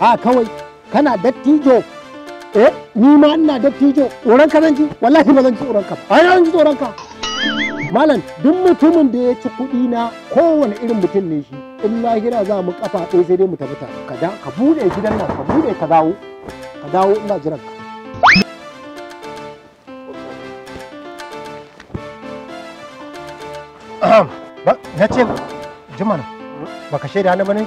a kawai kana dattijo eh ni ma ina dattijo tsoron ka zan ji wallahi ba zan ji tsoron ka ai zan ji tsoron ka malam duk mutumin da ya ci kuɗi na kowane irin mutum ne shi in lahira za mu kafa ɗaya sai dai mu tafi ka da ka bude gidan nan ka bude ka dawo ka dawo ina jiran ka na ce jimana ka shaida ni ba ne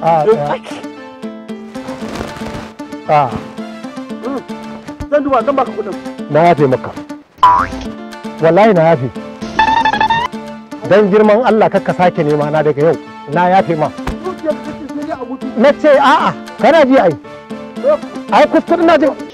Ah, eh, eh. ah. hmm. a na yafe maka wallahi na yafe dan girman Allah kakka sake nema na daga yau na yafe ma na ce a'a kana ji eh. na ji